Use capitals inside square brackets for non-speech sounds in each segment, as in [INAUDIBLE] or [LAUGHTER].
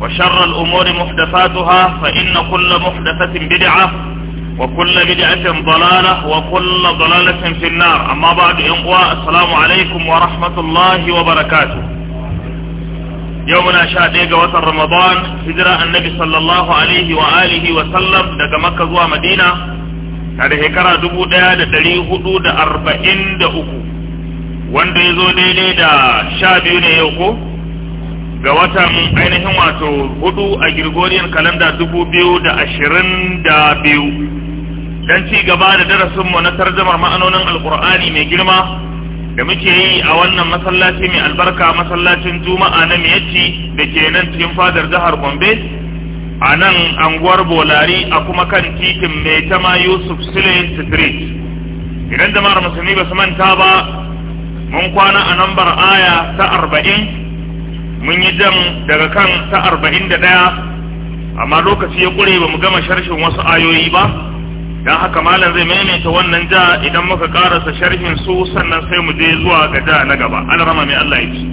وشر الأمور محدثاتها فإن كل محدثة بدعة وكل بدعة ضلالة وكل ضلالة في النار أما بعد إنقوى السلام عليكم ورحمة الله وبركاته يومنا شاديق وطن رمضان هجرة النبي صلى الله عليه وآله وسلم دق مكة زوى مدينة هذه هكرا دبو دا دلي حدود أربعين دا أكو وان دا يزو دا شابيون يوكو ga watan ainihin wato hudu a Gregorian kalanda dubu biyu da ashirin da biyu don ci gaba da darasinmu na tarjamar ma'anonin alkur'ani mai girma da muke yi a wannan masallaci mai albarka masallacin juma'a na miyacci da ke nan cikin fadar jihar gombe a nan anguwar bolari a kuma kan titin mai tama yusuf sule street idan jama'ar musulmi ba su manta ba mun kwana a nambar aya ta arba'in mun yi jam daga kan ta arba'in da ɗaya amma lokaci ya ƙure ba mu gama sharhin wasu ayoyi ba don haka malam zai maimaita wannan ja idan muka ƙarasa sharhin su sannan sai mu je zuwa ga ja na gaba alrama mai Allah ya ci.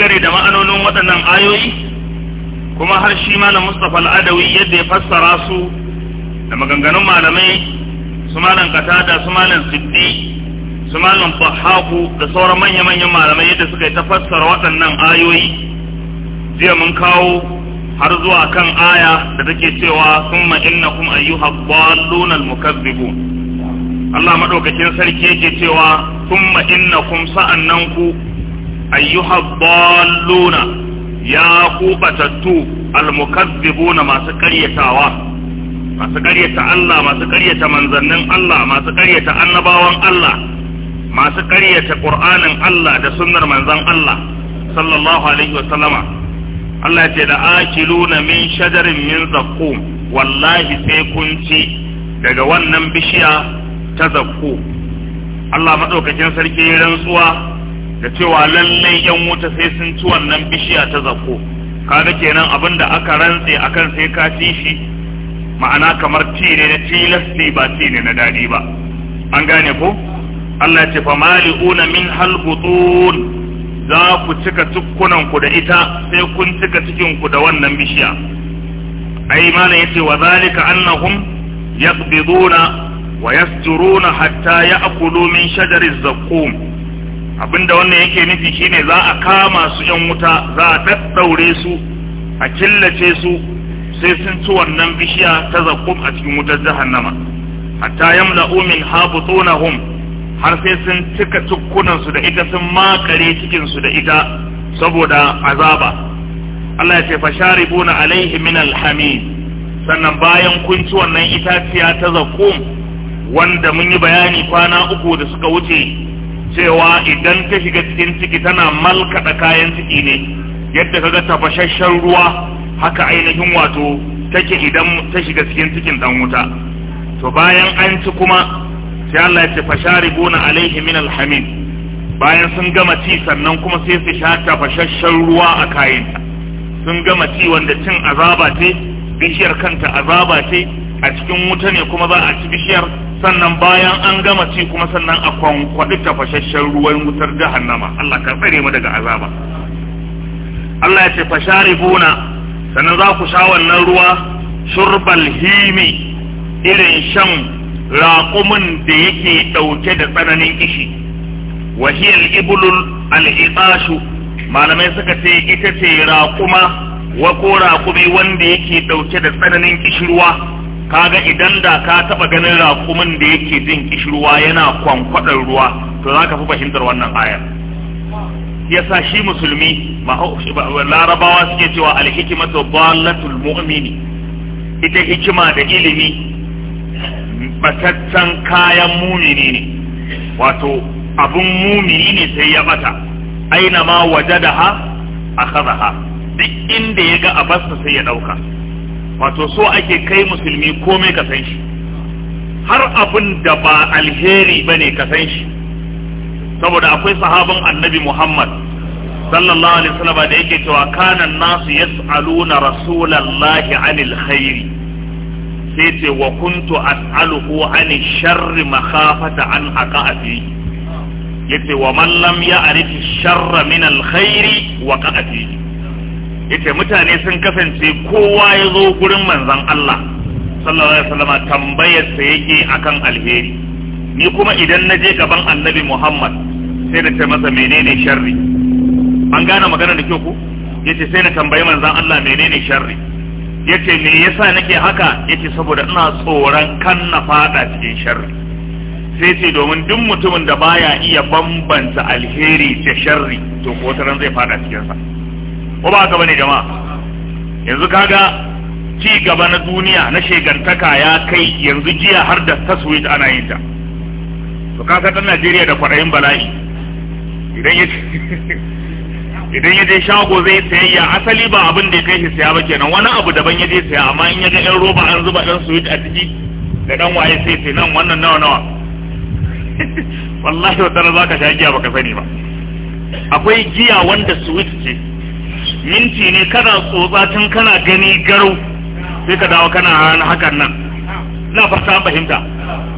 dogare da ma'anonin waɗannan ayoyi kuma har shi malam Mustapha al'adawi yadda ya fassara su da maganganun malamai su malam katada su malam siddi su malam fahaku da sauran manya-manyan malamai yadda suka yi ta fassara waɗannan ayoyi jiya mun kawo har zuwa kan aya da take cewa summa innakum ayyuha dhallun al-mukazzibun Allah madaukakin sarki yake cewa summa innakum sa'annan ku ayyuha dalluna ya ku batattu almukazzibuna masu karyatawa masu karyata Allah masu karyata manzannin Allah masu karyata annabawan Allah masu karyata Qur'anin Allah da sunnar manzan Allah sallallahu alaihi wa sallama Allah ya ce da akiluna min shajarin min zaqqum wallahi sai kun ci daga wannan bishiya ta zaqqu Allah madaukakin sarki ya rantsuwa da cewa lallai yan wuta sai sun ci wannan bishiya ta zakko kaga kenan abin da aka rantse akan sai ka ci shi ma'ana kamar ci ne na tilasti ba ci ne na Dadi ba an gane ko Allah ce fa mali'una min halbutun za ku cika tukkunan ku da ita sai kun cika cikin ku da wannan bishiya ai malam yace wa zalika annahum yaqbiduna wa yasjuruna hatta ya'kulu min shajari zaqqum abinda wannan yake nufi shine za a kama su yan wuta za a daddaure su a killace su sai sun ci wannan bishiya ta zakkum a cikin wutar jahannama hatta yamla'u min habutunahum har sai sun cika tukkunan su da ita sun makare cikin su da ita saboda azaba Allah ya ce fa sharibuna alaihi min alhamim sannan bayan kun ci wannan itaciya ta zakkum wanda mun yi bayani kwana uku da suka wuce cewa idan ta shiga cikin ciki tana malkaɗa kayan ciki ne yadda kaga tafashashen ruwa haka ainihin wato take idan ta shiga cikin cikin dan wuta to bayan an ci kuma sai Allah ya ce fasharibuna alaihi min bayan sun gama ci sannan kuma sai su sha tafashashen ruwa a kayan sun gama ci wanda cin azaba ce bishiyar kanta azaba ce a cikin wuta ne kuma za a ci bishiyar sannan bayan an gama ci kuma sannan a kwankwaɗi tafashashen ruwan wutar jahannama Allah ka tsare mu daga azaba Allah ya ce fasharibuna sannan za ku sha wannan ruwa shurbal himi irin shan raƙumin da yake ɗauke da tsananin kishi wahiyal ibulul al'iqashu malamai suka ce ita ce raƙuma wa ko raƙumi wanda yake ɗauke da tsananin kishirwa kaga idan da ka taba ganin raƙumin da yake jin kishirwa yana kwankwadar ruwa to za ka fi fahimtar wannan ayar yasa shi musulmi larabawa suke cewa alhikimatu dalatul mu'mini ita hikima da ilimi batattan kayan mumini ne wato abun mumini ne sai ya bata aina ma wajadaha akhadha duk inda ya ga abasta sai ya dauka wato so ake kai musulmi komai ka san shi har abin da ba alheri ba ne ka san shi saboda akwai sahabin annabi muhammad sallallahu alaihi wasallam da yake cewa kanan nasu yas'aluna rasulallahi anil khairi sai ce wa kuntu as'aluhu anil sharri makhafata an ya fihi yace wa man lam ya'rif sharra min al khairi wa qa'a yace mutane sun kasance kowa ya zo gurin manzon Allah sallallahu alaihi wasallam tambayar sa yake akan alheri ni kuma idan na je gaban annabi Muhammad sai na ce masa menene sharri an gane magana da kyau ko yace sai na tambayi manzon Allah menene sharri yace me yasa nake haka yace saboda ina tsoron kan na fada cikin sharri sai ce domin duk mutumin da baya iya bambanta alheri da sharri to ko zai fada cikin sa ko ba ka bane jama'a yanzu kaga ci gaba na duniya na shegantaka ya kai yanzu jiya har da taswit ana yin ta to ka san Najeriya da kwadayin bala'i idan ya [LAUGHS] idan ya je shago zai sayayya asali ba abin da ya kai shi saya ba kenan wani abu daban ya je saya amma in ya ga yan roba an zuba dan sweet a ciki da dan waye sai sai nan wannan nawa nawa [LAUGHS] wallahi wata za zaka sha baka sani ba akwai giya wanda sweet ce minti ne kana tsotsa tun kana gani garau sai ka dawo kana hana hakan nan na fata fahimta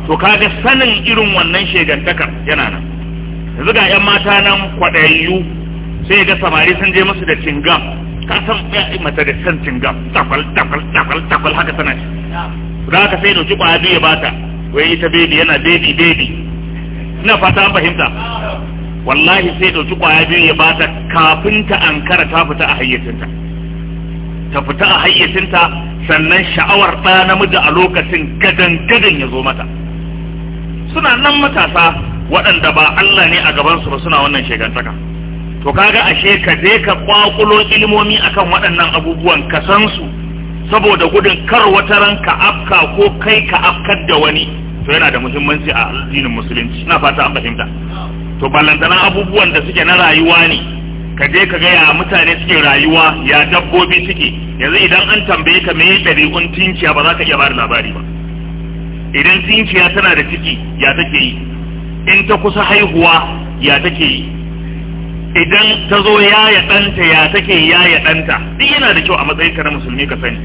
to kaga sanin irin wannan shegantakar yana nan yanzu ga yan mata nan kwadayayyu sai ga samari sun je musu da cingam ka san mata da san cingam tafal tafal tafal tafal haka tana shi da ka sai dauki kwaya biyu ya bata wai ita bebi yana bebi bebi na fata fahimta wallahi sai ɗauki ƙwaya biyu ya bata kafin ta ankara ta fita a hayyacinta ta fita a hayyacinta sannan sha'awar ɗa namiji a lokacin gadan gadan ya zo mata suna nan matasa waɗanda ba Allah ne a gabansu ba suna wannan shegantaka to kaga ashe ka je ka kwakulo ilimomi akan waɗannan abubuwan ka san su saboda gudun kar wata ran ka afka ko kai ka afkar da wani to yana da muhimmanci a addinin musulunci ina fata an fahimta to ballantana abubuwan da suke na rayuwa ne ka je ka gaya mutane suke rayuwa ya dabbobi suke yanzu idan an tambaye ka me ɗari'un tinkiya ba za ka iya bada labari ba idan tinkiya tana da ciki ya take yi in ta kusa haihuwa ya take yi idan ta zo yaya ɗanta ya take yaya ɗanta duk yana da kyau a matsayin ka na musulmi ka sani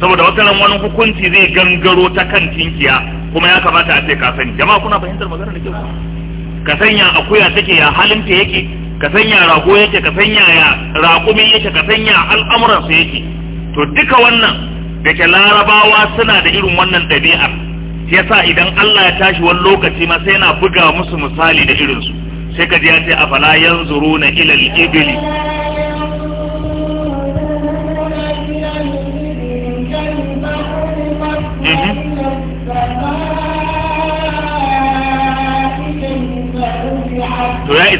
saboda wata wani hukunci zai gangaro ta kan tinkiya kuma ya kamata a ce ka sani jama'a kuna fahimtar magana da kyau ka sanya akuya take ya halinta yake ka sanya rago yake ka sanya ya raƙumi yake ka sanya al'amuran su yake to duka wannan da ke larabawa suna da irin wannan ɗabi'ar yasa idan Allah ya tashi wani lokaci ma sai yana buga musu misali da irinsu sai ka ji ya ce afala yanzuruna ilal ibli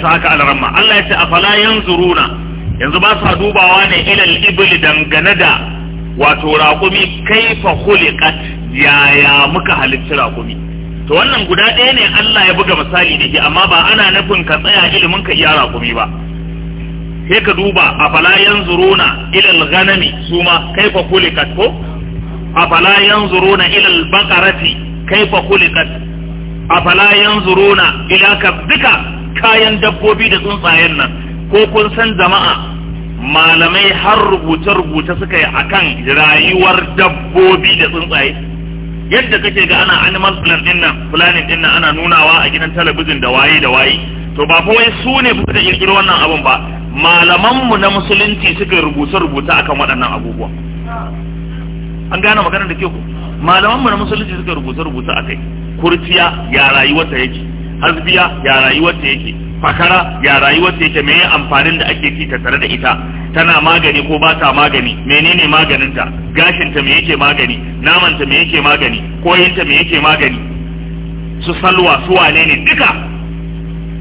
maimaita haka alaramma Allah ya ce afala yanzuruna yanzu ba su dubawa ne ilal ibil dangane da wato raƙumi kaifa khuliqat yaya muka halicci raƙumi to wannan guda ɗaya ne Allah ya buga misali da ke amma ba ana nufin ka tsaya ilimin ka iya raƙumi ba sai ka duba afala yanzuruna ilal ghanami suma kaifa khuliqat ko afala yanzuruna ilal baqarati kaifa khuliqat afala yanzuruna ila kabdika kayan dabbobi da tsuntsayen nan ko kun san jama'a malamai har rubuce-rubuce suka yi akan rayuwar dabbobi da tsuntsaye yadda kake ga ana animal plan din nan planning din nan ana nunawa a gidan talabijin da waye da waye to ba fa wai su ne suka kirkiro wannan abun ba malamanmu na musulunci suka rubuce-rubuce akan waɗannan abubuwa an gane maganar da ke ku malamanmu na musulunci suka rubuce-rubuce akai kurciya ya rayuwar ta yake Hasbiya, ya rayuwar ta yake fakara ya rayuwar ta yake meye amfanin da ake ci tattare da ita tana magani ko ba ta magani menene maganinta gashinta me yake magani namanta me yake magani koyinta me yake magani su salwa su wane ne duka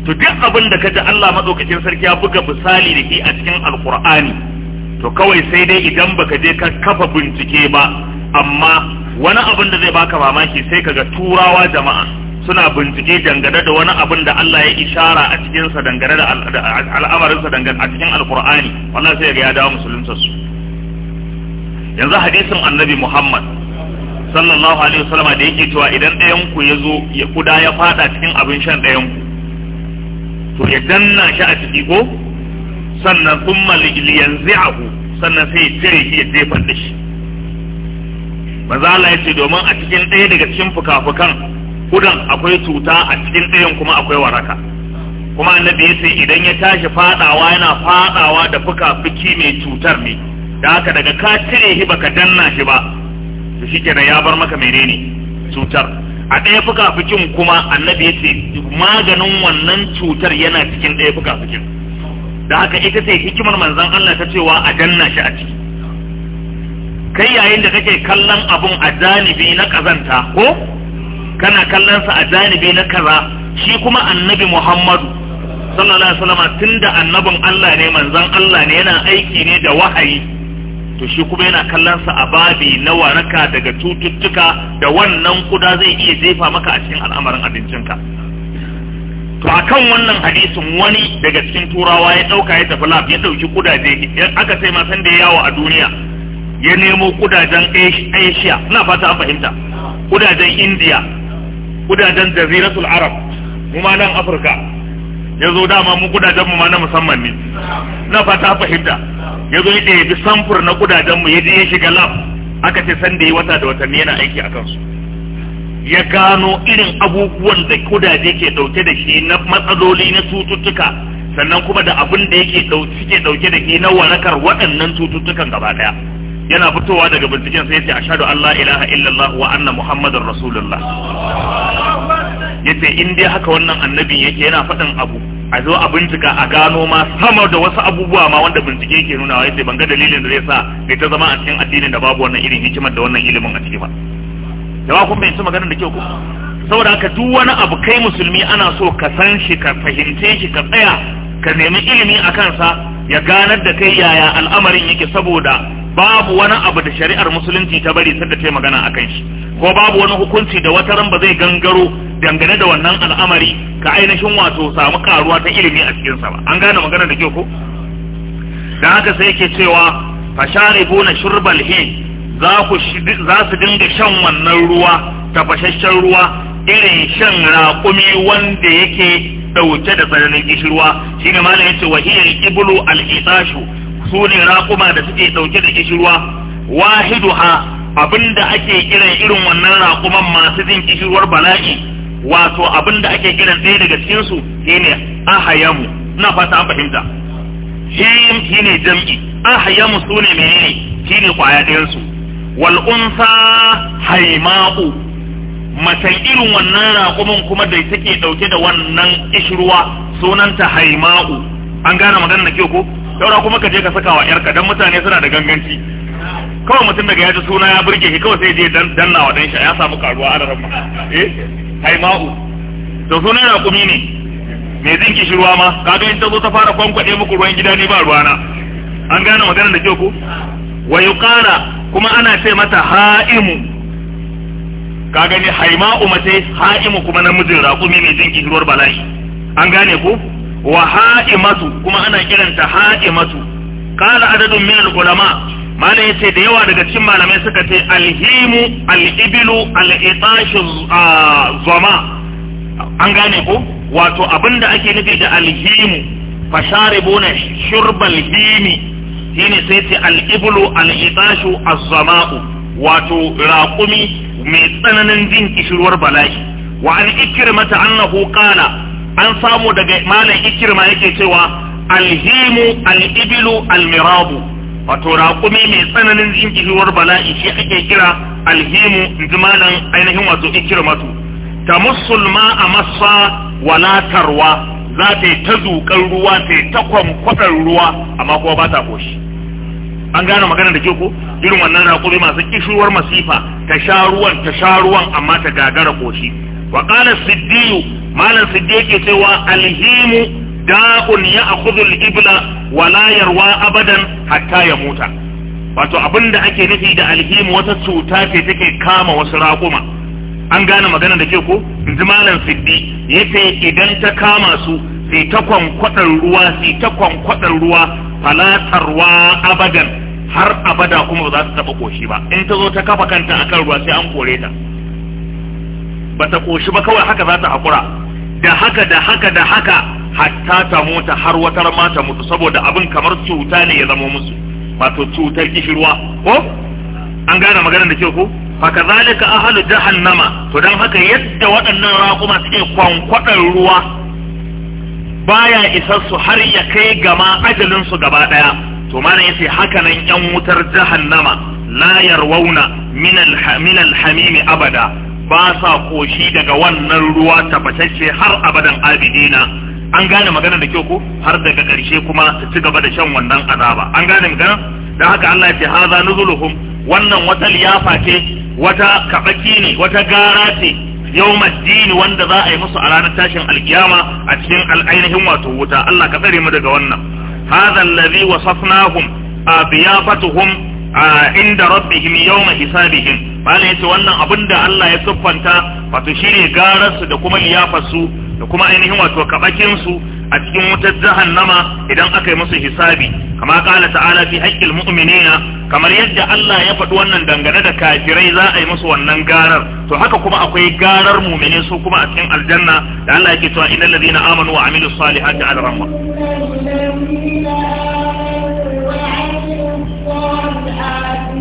to duk abin da kaji Allah madaukakin sarki ya buga misali da ke a cikin alkur'ani to kawai sai dai idan baka je ka kafa bincike ba amma wani abin da zai baka mamaki sai kaga turawa jama'a suna bincike dangane da wani abin da Allah ya ishara a cikinsa dangane da al'amarinsa dangane a cikin alkur'ani wannan sai ga ya dawo su. yanzu hadisin annabi muhammad sallallahu alaihi wasallam da yake cewa idan ɗayan ku ya zo ya kuda ya fada cikin abin shan ɗayan ku to ya danna shi a ciki ko sannan thumma liyanzi'ahu sannan sai ya cire shi ya jefa da shi manzo Allah ya ce domin a cikin ɗaya daga cikin fuka-fukan kudan akwai cuta a cikin ɗayan kuma akwai waraka kuma annabi ya ce idan ya tashi fadawa yana fadawa da fuka-fuki mai cutar ne da haka daga ka cire shi baka danna shi ba to shikenan ya bar maka menene cutar a ɗaya fuka-fukin kuma annabi ya ce maganin wannan cutar yana cikin ɗaya fuka-fukin da haka ita ce hikimar manzon Allah ta cewa a danna shi a ciki kai yayin da kake kallon abun a janibi na kazanta ko kana kallon sa a janibi na kaza shi kuma annabi Muhammadu sallallahu alaihi wasallam tunda annabin Allah ne manzon Allah ne yana aiki ne da wahayi to shi kuma yana kallon sa a babi na waraka daga cututtuka da wannan kuda zai iya jefa maka a cikin al'amarin abincinka to akan wannan hadisin wani daga cikin turawa ya dauka ya tafi lab ya dauki kudaje aka sai ma san da yawo a duniya ya nemo kudajen Asia ina fata an fahimta kudajen India kudajen jaziratul arab mu ma nan afirka ya zo dama mu kudajen mu ma na musamman ne na fata fahimta ya zo ya bi samfur na kudajen mu ya ya shiga lab aka ce san da yi wata da watanni yana aiki a kansu ya gano irin abubuwan da kudaje ke dauke da shi na matsaloli na cututtuka sannan kuma da abin da yake dauke da shi na warakar waɗannan cututtukan gaba daya yana fitowa daga binciken sai yace ashhadu an la ilaha illallah wa anna muhammadar rasulullah yace in dai haka wannan annabin yake yana faɗin abu a zo a bincika a gano ma sama da wasu abubuwa ma wanda bincike yake nunawa yace ban ga dalilin da zai sa da ta zama a cikin addinin da babu wannan irin hikimar da wannan ilimin a ciki ba jama'a kun bayyana magana da kyau ko saboda haka duk wani abu kai musulmi ana so ka san shi ka fahimce shi ka tsaya ka nemi ilimi akan sa ya ganar da kai yaya al'amarin yake saboda babu wani abu da shari'ar musulunci ta bari sai da ta magana akan shi ko babu wani hukunci da wata ran ba zai gangaro dangane da wannan al'amari ka ainihin wato samu karuwa ta ilimi a cikin sa ba an gane magana da kyau ko dan haka sai yake cewa fasharibuna shurbal hin za ku za su dinga shan wannan ruwa ta tafashashshen ruwa irin shan raƙumi wanda yake dauke da tsananin kishirwa shine malamin yace wahiyar iblu al-itashu su ne raƙuma da suke ɗauke da kishirwa wahiduha abinda ake kiran irin wannan raƙuman masu jin kishirwar bala'i wato abinda ake kiran ɗaya daga cikin su shine ahayamu ina fata an fahimta him shine jam'i ahayamu su ne menene shine kwaya ɗayan su wal unsa haima'u macen irin wannan raƙuman kuma da take ɗauke da wannan kishirwa sunanta haima'u an gane magana da ko daura kuma ka je ka saka wa yarka dan mutane suna da ganganci kawai mutum daga ya ji suna ya burge shi kawai sai je danna wa dan shi ya samu karuwa ana rabu eh ma'u to sunan kumi ne mai zin ki shirwa ma kaga in ta zo ta fara kwankwaɗe muku ruwan gida ne ba ruwana an gane maganar da kyau ko wa yuqala kuma ana ce mata ha'imu ka gani haima'u mace ha'imu kuma namijin raƙumi ne jin kishirwar bala'i an gane ku wa ha'imatu kuma ana kiranta ha'imatu kala adadun min al-ulama mana yace da yawa daga cikin malamai suka ce alhimu al-iblu zama an gane ko wato abinda ake nufi da alhimu fasharibuna shurbal himi shine sai ce al-iblu al-itashu az wato raqumi mai tsananin jin kishirwar bala'i wa an ikrimata annahu qala an samu daga malam ikirma yake cewa alhimu al'ibilu almirabu wato raƙumi mai tsananin jinkiruwar bala'i shi ake kira alhimu zimanan ainihin wato ikirmatu ta musulma a masa walatarwa za ta yi ta zuƙar ruwa ta yi ta kwamkwaɗar ruwa amma kuma ba ta koshi an gane magana da ke ko irin wannan raƙumi masu kishuwar masifa ta sha ruwan ta sha ruwan amma ta gagara koshi wa qala siddiyu malam yake cewa alhimu da'un ya akhudhu ibla wa la yarwa abadan hatta ya muta wato abinda ake nufi da alhimu wata cuta ce take kama wasu raƙuma an gane magana da ke ko inji malam siddi yace idan ta kama su sai ta kwankwadar ruwa sai ta kwankwadar ruwa falatarwa abadan har abada kuma ba za ta taɓa koshi ba in ta zo ta kafa kanta akan ruwa sai an kore ta ba ta koshi ba kawai haka za ta haƙura da haka da haka da haka hatta ta mota har watar ma ta mutu saboda abin kamar cuta ne ya zama musu wato cutar kishirwa ko an gane magana da ke ko haka zalika ahalu jahannama to dan haka yadda waɗannan raƙuma suke kwankwaɗar ruwa baya isar su har ya kai gama ajalin su gaba daya to mana yace haka nan yan wutar jahannama la yarwauna min al-hamimi abada ba sa koshi daga wannan ruwa tabbatacce har abadan abidina an gane magana da kyau ko har daga ƙarshe kuma su ci gaba da shan wannan azaba an gane magana dan haka Allah ya ce haza nuzuluhum wannan wata liyafa ce wata kabaki ne wata gara ce yau madini wanda za a yi musu a ranar tashin alkiyama a cikin al'ainihin wato wuta Allah ka tsare mu daga wannan hadha allazi wasafnahum abiyafatuhum a inda rabbihim yawma hisabihim malai yace wannan abinda Allah ya siffanta wato shine garar su da kuma liyafar su da kuma ainihin wato kabakin su a cikin wutar jahannama idan aka yi musu hisabi kama kala ta'ala fi haqqil mu'minina kamar yadda Allah ya faɗi wannan dangane da kafirai za a yi musu wannan garar to haka kuma akwai garar mu'mini su kuma a cikin aljanna da Allah yake cewa innal ladina amanu wa amilus salihati al-rahma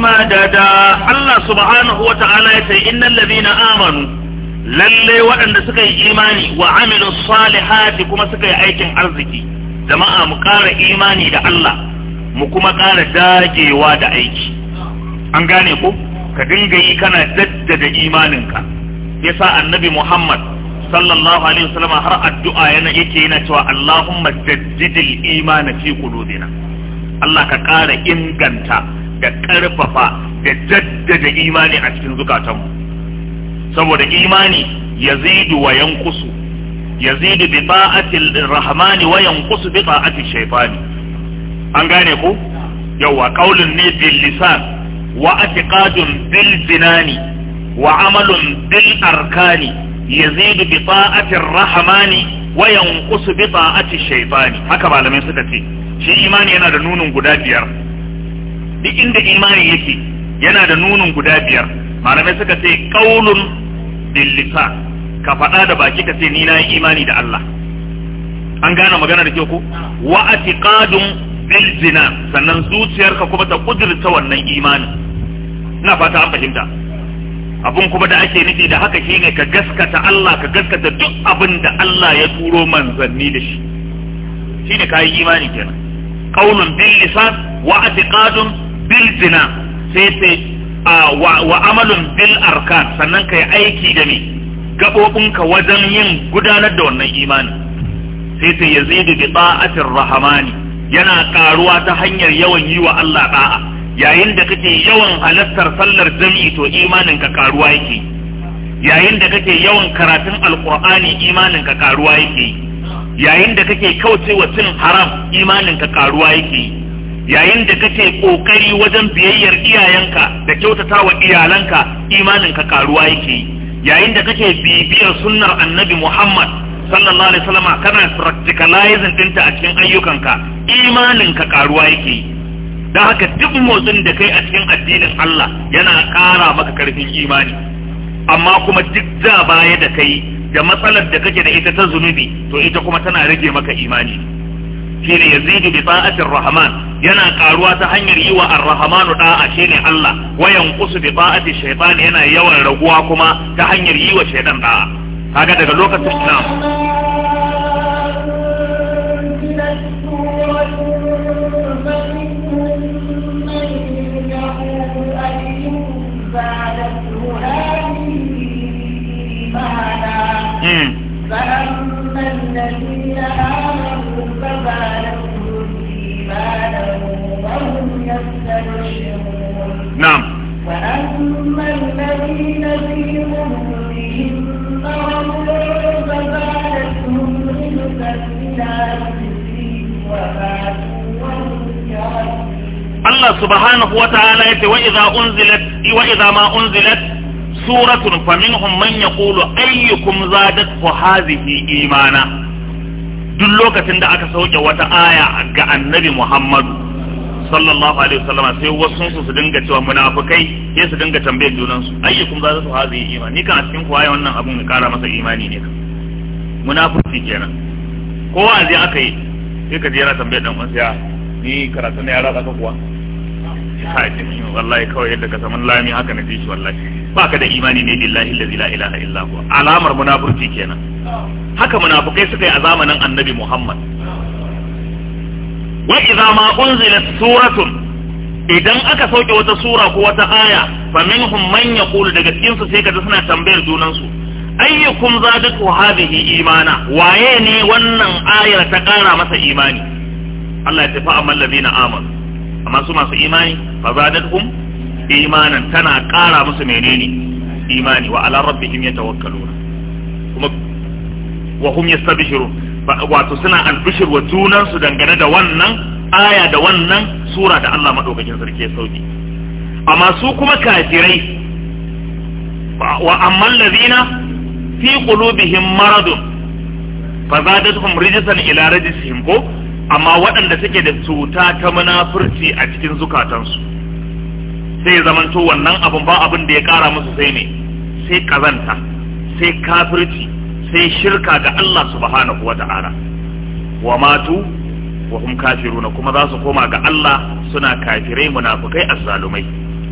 madada Allah subhanahu wa ta'ala ya sai innal ladina amanu lalle waɗanda suka yi imani wa amilu salihati kuma suka yi aikin arziki jama'a mu ƙara imani da Allah mu kuma ƙara dagewa da aiki an gane ko ka dinga yi kana daddada imaninka yasa annabi Muhammad sallallahu alaihi wasallam har addu'a yana yake yana cewa Allahumma jaddidil imani fi qulubina Allah ka ƙara inganta da ƙarfafa da jaddada imani a cikin zukatanmu saboda imani yazidu wa yanqusu yazidu bi ta'atil rahmani wa yanqusu bi ta'ati shaytani an gane ko yawa qaulun ne bil lisan wa i'tiqadun bil jinani wa amalun bil arkani yazidu bi ta'atir rahmani wa yanqusu bi ta'ati shaytani haka malamai suka ce shi imani yana da nunin guda biyar duk inda imani yake yana da nunin guda biyar malamai suka ce kaulun bil ka faɗa da baki ka ce ni na imani da Allah an gane magana da kyau ko wa atiqadun bil zina sannan zuciyarka kuma ta kudurta wannan imani ina fata an fahimta abun kuma da ake nufi da haka shine ka gaskata Allah ka gaskata duk abin da Allah ya turo manzanni da shi shine kayi imani kenan قول باللسان واعتقاد بالبناء i'tiqadun bil zina sai sai wa amalun bil sannan kai aiki da ka wajen yin gudanar da wannan imani sai sai yazidu bi ta'atir rahmani yana karuwa ta hanyar yawan yi wa Allah da'a yayin da kake yawan halartar sallar jami'i to imanin ka karuwa yake yayin da kake yawan karatun alqur'ani imanin ka karuwa yake yayin da kake kauce wa cin haram imaninka karuwa yake yi yayin da kake kokari wajen biyayyar iyayenka da kyautata wa iyalanka imaninka karuwa yake yi yayin da kake bibiyar sunnar annabi muhammad sallallahu alaihi wasallam kana practicalizing dinta a cikin ayyukanka imaninka karuwa yake yi haka duk motsin da kai a cikin addinin Allah yana ƙara maka karfin imani amma kuma duk da baya da kai da matsalar da kake da ita ta zunubi to ita kuma tana rage maka imani shine yazidu bi ta'atir rahman yana karuwa ta hanyar yi wa ar-rahmanu da'a shine Allah wa yanqusu bi ta'ati shaytan yana yawan raguwa kuma ta hanyar yi wa shaytan da'a kaga daga lokacin nan subhanahu wataala yace wa idza unzilat wa ma unzilat suratun man yaqulu ayyukum hadhihi imana duk lokacin da aka sauke wata aya ga annabi Muhammadu sallallahu alaihi wasallam sai wasu su dinga cewa munafikai sai su dinga tambayar junan su ayyukum za su hazi imani ni kan a cikin kuwaye wannan abun ya kara masa imani ne kan munafiki kenan ko wa'azi aka yi sai ka yana tambayar dan uwansa ni karatu ne ya rada ka kuwa hatim wallahi kawai yadda ka samu lami haka na ji shi wallahi baka da imani ne billahi allazi la ilaha illa huwa alamar munafurci kenan haka munafukai suka yi a zamanin annabi muhammad wa idza ma unzilat suratun idan aka sauke wata sura ko wata aya fa minhum man yaqulu daga cikin su sai kaga suna tambayar junan su ayyukum zadatu hadhihi imana waye ne wannan ayar ta kara masa imani Allah ya tafi amma allazina amanu amma su masu imani fazadatkum imanan tana ƙara musu menene imani wa ala rabbihim yatawakkaluna kuma wa hum yastabshirun wato suna albishir wa junan su dangane da wannan aya da wannan sura da Allah madaukakin sarki ya sauki amma su kuma kafirai wa amma allazina fi qulubihim maradun fazadatuhum rijsan ila rijsihim ko amma waɗanda suke da cuta ta munafurci a cikin zukatansu zai zamanto wannan abun ba abin da ya kara musu sai ne sai kazanta sai kafirci sai shirka ga Allah subhanahu wa ta'ala wa matu wa hum kafiruna kuma za su koma ga Allah suna kafirai munafikai azzalumai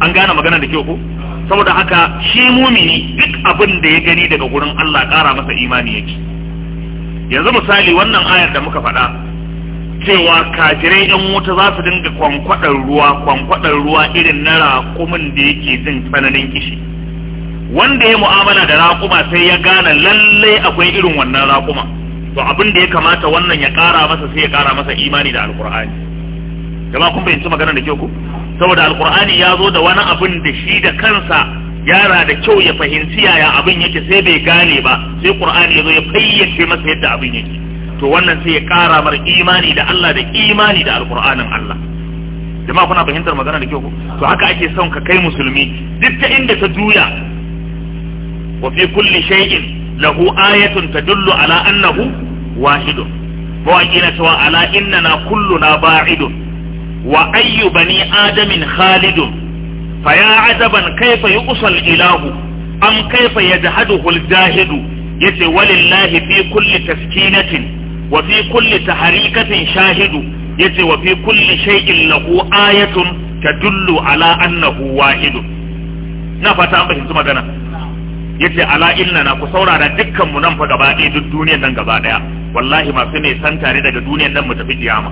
an gane magana da kyau ko saboda haka shi mumini duk abin da ya gani daga gurin Allah kara masa imani yake yanzu misali wannan ayar da muka faɗa cewa kajirai yan wuta za su dinga kwankwadar ruwa kwankwadar ruwa irin na raƙumin da yake jin tsananin kishi wanda ya mu'amala da raƙuma sai ya gane lallai akwai irin wannan raƙuma to abin da ya kamata wannan ya ƙara masa sai ya ƙara masa imani da alƙur'ani jama'a kun fahimci magana da kyau ku saboda alƙur'ani ya zo da wani abin da shi da kansa yara da kyau ya fahimci yaya abin yake sai bai gane ba sai ƙurani ya zo ya fayyace masa yadda abin yake to wannan sai ya kara mar imani da Allah da imani da alkur'anin Allah jama'a kuna fahimtar magana da kyau ko to haka ake son ka kai musulmi duk ta inda ta juya wa fi kulli shay'in lahu ayatun tadullu ala annahu wahidun mawaki na tawa ala innana kulluna ba'idun wa ayyu bani adamin khalidun fa ya ajaban kaifa yuqsal ilahu am kaifa yajhaduhu al-jahidu yace walillahi fi kulli taskinatin wa fi kulli taharikatin shahidu yace wa fi kulli shay'in lahu ayatun tadullu ala annahu wahidun na fata an fahimci magana yace ala inna na ku saurara dukkan nan fa gaba duk duniyar nan gaba wallahi masu ne san tare daga duniyar nan mu tafi kiyama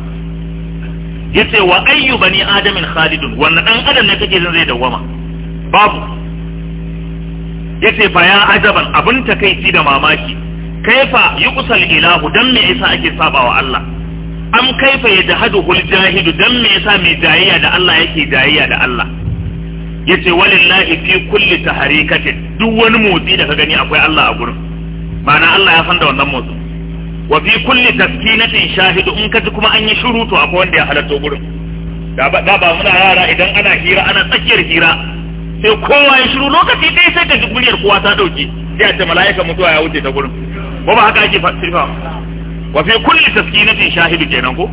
yace wa ayyu bani adamin khalidun dan adam na kake jin zai babu yace fa ya ajaban abin takeici da mamaki kaifa yuqsal ilahu dan me yasa ake sabawa Allah am kaifa yajhaduhul jahidu dan me yasa mai jayayya da Allah yake jayayya da Allah yace walillahi fi kulli taharikatin duk wani motsi da ka gani akwai Allah a gurin ma'ana Allah ya san da wannan motsi wa fi kulli taskinatin shahidu in kaji kuma an yi shiru to akwai wanda ya halatto gurin da ba ba muna yara idan ana hira ana tsakiyar hira sai kowa ya shiru lokaci dai sai ka ji muryar kowa ta dauke sai a mala'ika mutuwa ya wuce ta gurin ko ba haka ake fasifa wa fi kulli taskinatin shahidu kenan ko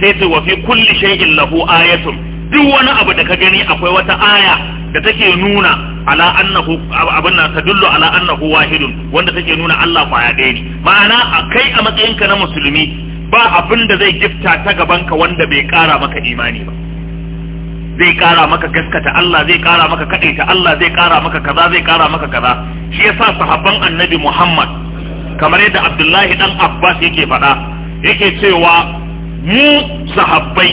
sai ce wa fi kulli shay'in lahu ayatun duk wani abu da ka gani akwai wata aya da take nuna ala annahu abin nan tadullu ala annahu wahidun wanda take nuna Allah kwaya ɗaya ne ma'ana a kai a matsayinka na musulmi ba abin da zai gifta ta gabanka wanda bai kara maka imani ba zai kara maka gaskata Allah zai kara maka kadaita Allah zai kara maka kaza zai kara maka kaza shi yasa sahabban annabi Muhammad kamar yadda abdullahi dan abbas yake faɗa yake cewa mu sahabbai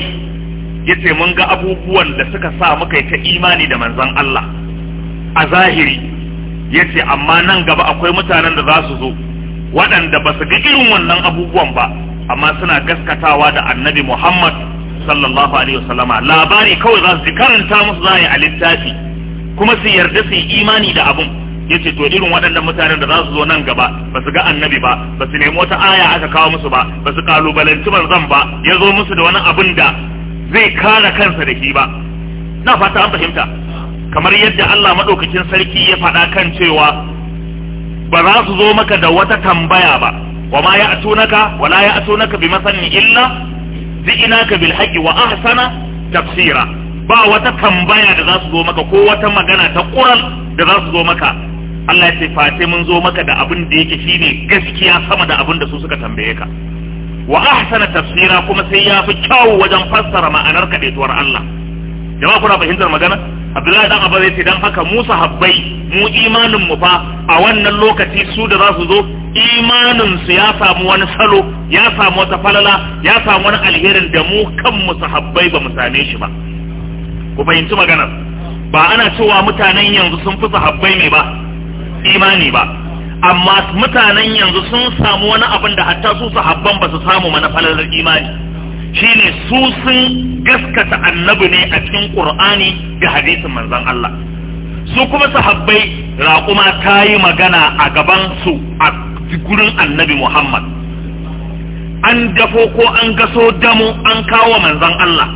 yace mun ga abubuwan da suka sa muka yi ta imani da manzon Allah a zahiri yace amma nan gaba akwai mutanen da za su zo waɗanda ba su ga irin wannan abubuwan ba amma suna gaskatawa da annabi Muhammad sallallahu alaihi wasallama labari kawai za su karanta musu zai a littafi kuma su yarda su yi imani da abun yace to irin waɗannan mutanen da za su zo nan gaba ba su ga annabi ba ba su nemi wata aya aka kawo musu ba ba su kalubalanci manzon ba ya zo musu da wani abin da zai kare kansa da shi ba na fata an fahimta kamar yadda Allah madaukakin sarki ya faɗa kan cewa ba za su zo maka da wata tambaya ba wa ma ya atunaka wa la ya atunaka bi masanni illa ji'inaka bil haqqi wa ahsana tafsira ba wata tambaya da za su zo maka ko wata magana ta ƙural da za su zo maka Allah ya ce fate mun zo maka da abin da yake shine gaskiya sama da abin da su suka tambaye ka wa ahsana tafsira kuma sai ya fi kyawu wajen fassara ma'anar kadaituwar Allah jama'a kuna fahimtar magana Abdullahi dan Abba zai ce dan haka mu sahabbai mu imanin mu fa a wannan lokaci su da za su zo imanin su ya samu wani salo ya samu wata falala ya samu wani alherin da mu kan mu sahabbai ba mu same shi ba ku fahimci maganar ba ana cewa mutanen yanzu sun fi sahabbai ne ba imani ba amma mutanen yanzu sun samu wani abin da hatta su sahabban ba su samu mana falalar imani shine su sun gaskata annabi ne a cikin qur'ani da hadisin manzon Allah su kuma sahabbai raƙuma ta yi magana a gaban su a gurin annabi Muhammad an dafo ko an gaso damo an kawo manzon Allah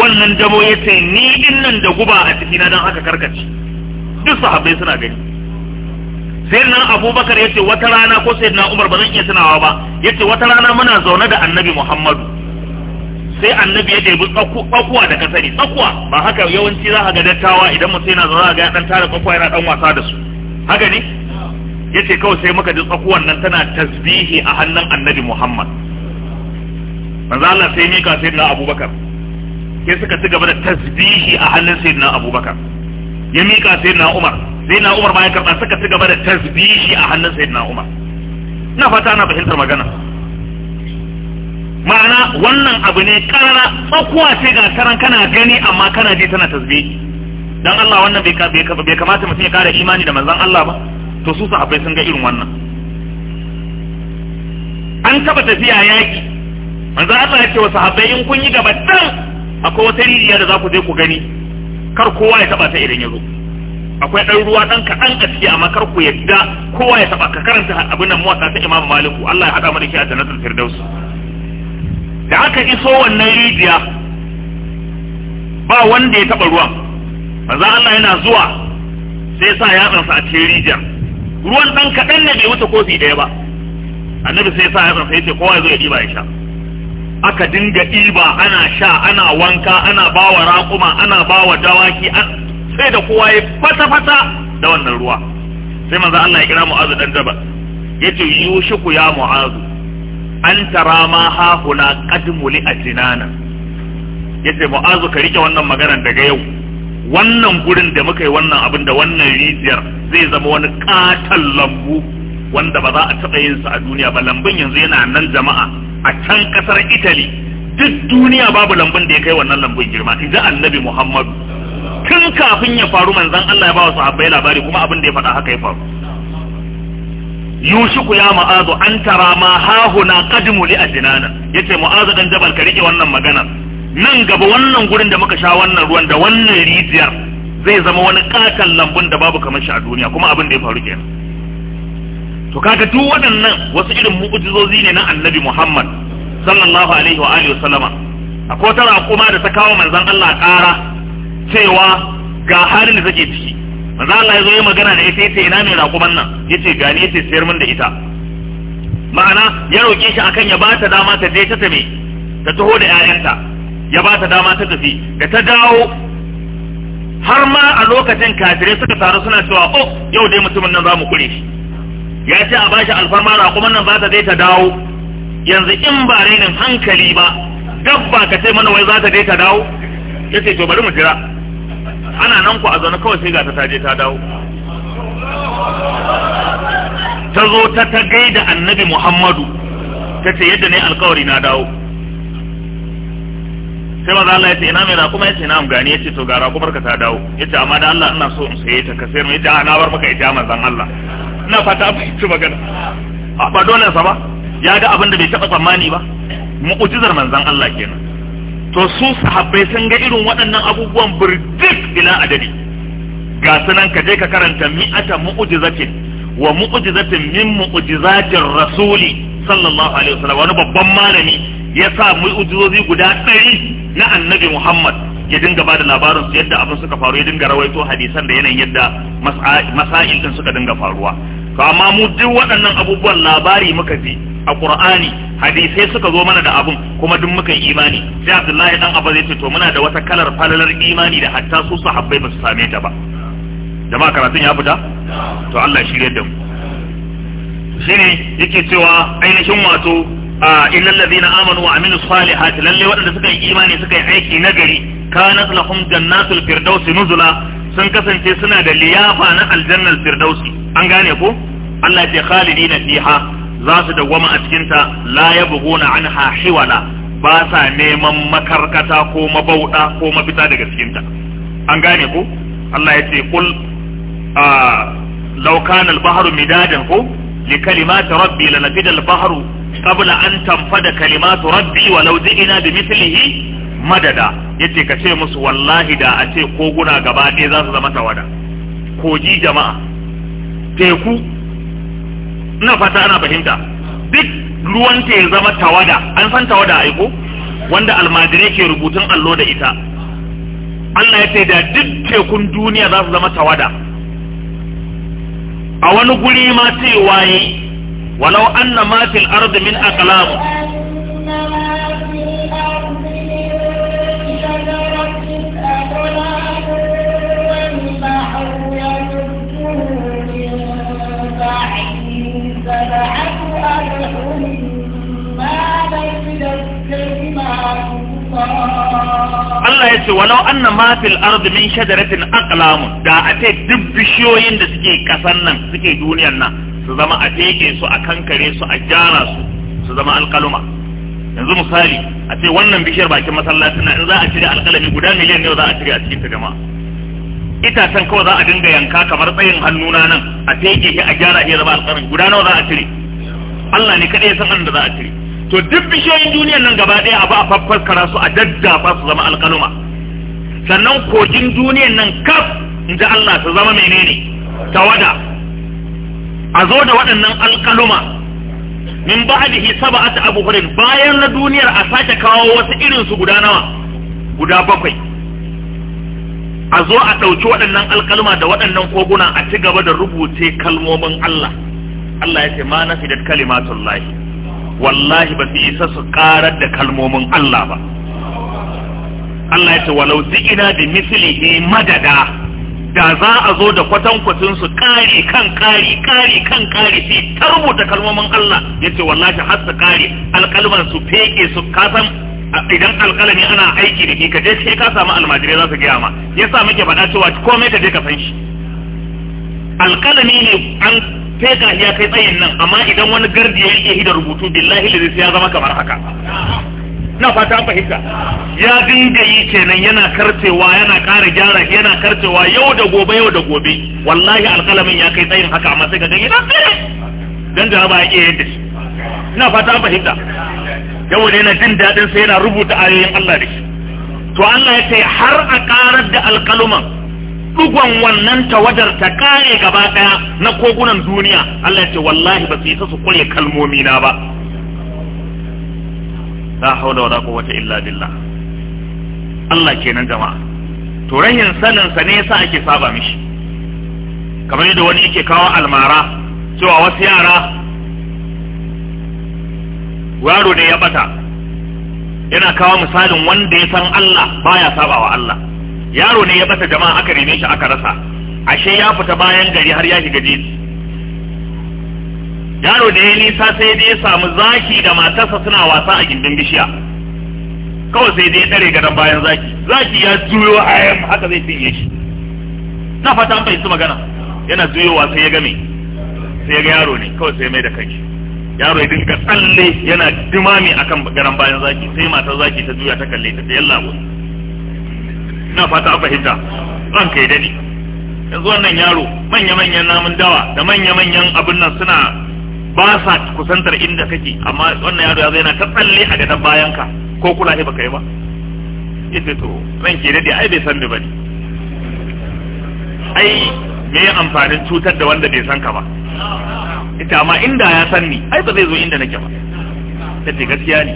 wannan damo ya ce ni dinnan da guba a cikina don aka karkace duk sahabbai suna gani sai nan abubakar ya ce wata rana ko sai na umar ba zan iya tunawa ba ya ce wata rana muna zaune da annabi muhammadu sai annabi ya ɗebi tsakuwa da kasari tsakuwa ba haka yawanci za a ga dattawa idan sai na zaune ga ya ɗan tara tsakuwa yana ɗan wasa da su haka ne ya ce kawai sai muka ji tsakuwan nan tana tasbihi a hannun annabi muhammad manzo Allah sai mika sai na abubakar sai suka ci gaba da tasbihi a hannun sai na abubakar ya mika sai na umar sai na umar ma ya karɓa suka ci gaba da tasbihi a hannun sayyidina umar na fata ana fahimtar magana ma'ana wannan abu ne karara tsakuwa ce ga karan kana gani amma kana ji tana tasbihi dan Allah wannan bai bai kamata mutum ya kare imani da manzon Allah ba to su sahabbai sun ga irin wannan an taba tafiya yaki manzon Allah ya ce wa sahabbai in kun yi gaba dan akwai wata rijiya da za ku je ku gani kar kowa ya taba ta idan ya zo akwai dan ruwa dan kaɗan a ciki amma kar ku yadda kowa ya taba ka karanta abin nan muwaka ta Imam Maliku Allah ya hada mu da shi a jannatul firdaus da aka iso wannan rijiya ba wanda ya taba ruwan manzo Allah yana zuwa sai sa yatsansa a cikin rijiyar ruwan dan kaɗan ne bai wuce kofi daya ba annabi sai ya sa yatsansa yace kowa ya zo ya diba ya sha aka dinga ɗiba ana sha ana wanka ana bawa raƙuma ana bawa dawaki sai da kowa ya fata fata da wannan ruwa sai manzo Allah ya kira Mu'azu dan Jabal yace yushiku ya Mu'azu an tara ma ha huna a li ajnana yace Mu'azu ka rike wannan magana daga yau wannan gurin da muka yi wannan abin da wannan rijiyar zai zama wani katal lambu wanda ba za a taɓa yin sa a duniya ba lambun yanzu yana nan jama'a a can kasar Italy duk duniya babu lambun da ya kai wannan lambun girma idan annabi Muhammadu tun kafin ya faru manzan Allah ya ba wa sahabbai labari kuma abin da ya faɗa haka ya faru yushiku ya ma'azu an tara ma hahuna qadmu li Ya yace mu'azu dan jabal ka rike wannan magana nan gaba wannan gurin da muka sha wannan ruwan da wannan rijiyar zai zama wani katan lambun da babu kamar shi a duniya kuma abin da ya faru kenan to kaga duk waɗannan wasu irin mu'ujizozi ne na annabi Muhammad sallallahu alaihi wa alihi sallama akwai wata raƙuma da ta kawo manzon Allah ƙara cewa ga halin da take ciki manzo Allah ya zo magana da ita yace ina mai raƙuman nan yace ni yace sayar min da ita ma'ana ya roke shi akan ya bata dama ta je ta tame ta taho da ƴaƴanta ya bata dama ta tafi da ta dawo har ma a lokacin kafirai suka taru suna cewa oh yau dai mutumin nan za mu kure shi ya ce a bashi alfarma raƙuman nan za ta je ta dawo yanzu in ba rainin hankali ba dabba ka ce mana wai za ta je ta dawo yace to bari mu jira ana nan ku a zaune kawai sai ga ta taje ta dawo ta zo ta ta gaida annabi muhammadu ta ce yadda ne alkawari na dawo sai za Allah ya ce ina mai raƙuma ya ce na gani ya ce to ga raƙumar ka ta dawo ya ce amma da Allah ina so in saye ta ka mai jaha na bar maka ita zan Allah ina fata fahimci magana ba dole sa ba ya ga abin da bai taɓa tsammani ba mu'ujizar manzan Allah kenan to su sahabbai sun ga irin waɗannan abubuwan birdik ila adadi ga sanan ka je ka karanta mi'ata mu'jizatin wa mu'jizatin min mu'jizatir rasuli sallallahu alaihi wasallam wani babban malami ya sa mu'jizozi guda ɗari na annabi Muhammad ya dinga bada labarin su yadda abin suka faru ya dinga rawaito hadisan da yanayin yadda masa'il din suka dinga faruwa to amma mu duk waɗannan abubuwan labari muka ji a Qur'ani hadisai suka zo mana da abun kuma duk muka imani sai abdullahi dan abba zai ce to muna da wata kalar falalar imani da hatta su sahabbai ba su same ta ba jama'a karatun ya fita to Allah shirye da mu shine yake cewa ainihin wato illal ladina amanu wa amilus salihati lalle waɗanda suka yi imani suka yi aiki nagari kanat lahum jannatul firdausi nuzula sun kasance suna da liyafa na aljannal firdausi an gane ko Allah ya khalidina fiha za su dawwama a cikinta la ya bugona an hiwala ba sa neman makarkata ko mabauɗa ko mafita daga cikinta an gane ko Allah ya ce kul law kana al ko li kalimati rabbi lanafida al-bahru qabla an tanfada kalimatu rabbi wa lauje ji'ina bi mithlihi madada yace ka ce musu wallahi da a ce koguna gaba ɗaya za su zama tawada koji jama'a teku ina fata ana fahimta duk ruwanta ya zama tawada an san tawada a aiko wanda almajirai ke rubutun allo da ita Allah ya da duk tekun duniya za su zama tawada a wani guri ma ce waye walau an na matin ardi min kalamu. Allah ya ce walau anna ma fil ardi min shajaratin da a ce duk bishiyoyin da suke kasan nan suke duniyar nan su zama a teke su a kankare su a gyara su su zama alkaluma yanzu misali a ce wannan bishiyar bakin masallacin na in za a cire alkalami guda miliyan ne za a cire a cikin ta jama'a itacen kawai za a dinga yanka kamar tsayin hannuna nan a teke shi a gyara shi zama alkalami guda nawa za a cire Allah ne kaɗai ya san da za a cire to duk bishiyoyin duniyan nan gaba ɗaya ba a faffaskara su a daddafa su zama alƙaluma sannan kogin duniyan nan kaf in ji Allah su zama menene tawada a zo da waɗannan alƙaluma min ta abu hurin bayan na duniyar a sake kawo wasu irin su guda nawa guda bakwai a zo a ɗauki waɗannan alƙaluma da waɗannan koguna a ci gaba da rubuce kalmomin Allah Allah ya ce ma na fidat kalimatullahi wallahi ba su isa su karar da kalmomin Allah ba Allah ya ce walau ina da mislihi madada da za a zo da kwatankwacin su kari kan kari kari kan kari sai tarbuta kalmomin Allah ya ce wallahi har su kari alkalman su feke su kasan idan alkalami ana aiki da ke ka je sai ka samu almajirai za su gaya ma ya sa muke faɗa cewa komai ka je ka san shi alkalami ne an sai ka ya kai tsayin nan amma idan wani gardi ya iya hidar rubutu billahi da ya zama kamar haka na fata fahimta ya dinga yi kenan yana karcewa yana ƙara gyara yana karcewa yau da gobe yau da gobe wallahi alƙalamin ya kai tsayin haka amma sai ka gani na dan da ba ya iya yadda shi na fata fahimta yau ne na jin daɗin sai yana rubuta ayoyin Allah da shi to Allah ya ce har a karar da alƙaluman dugon wannan tawadar ta kare gaba daya na kogunan duniya Allah ya ce wallahi ba su yi su kure kalmomi na ba la hawla wala quwwata illa billah Allah kenan jama'a to rayin sanin sa ne yasa ake saba mishi kamar yadda wani yake kawo almara cewa wasu yara yaro ne ya bata yana kawo misalin wanda ya san Allah baya sabawa Allah yaro ne ya bata jama'a aka rene shi aka rasa ashe ya fita bayan gari har ya shiga jeji yaro da ya nisa sai dai ya samu zaki da matarsa suna wasa a gindin bishiya kawai sai dai ya tsare gadon bayan zaki zaki ya juyo a yam haka zai fiye shi na fata an su magana yana juyowa sai ya game sai ya ga yaro ne kawai sai mai da kai yaro ya dinga tsalle yana dumami akan garan bayan zaki sai matar zaki ta juya ta kalle ta ta yalla na fata a fahimta ranka ya dadi yanzu wannan yaro manya-manyan namun dawa da manya-manyan abin nan suna ba sa kusantar inda kake amma wannan yaro ya zai na ta tsalle a bayan ka ko kula ba kai ba yace to ran ke dade ai bai san ni bane ai me amfanin cutar da wanda bai san ka ba ita amma inda ya san ni ai ba zai zo inda nake ba tace gaskiya ne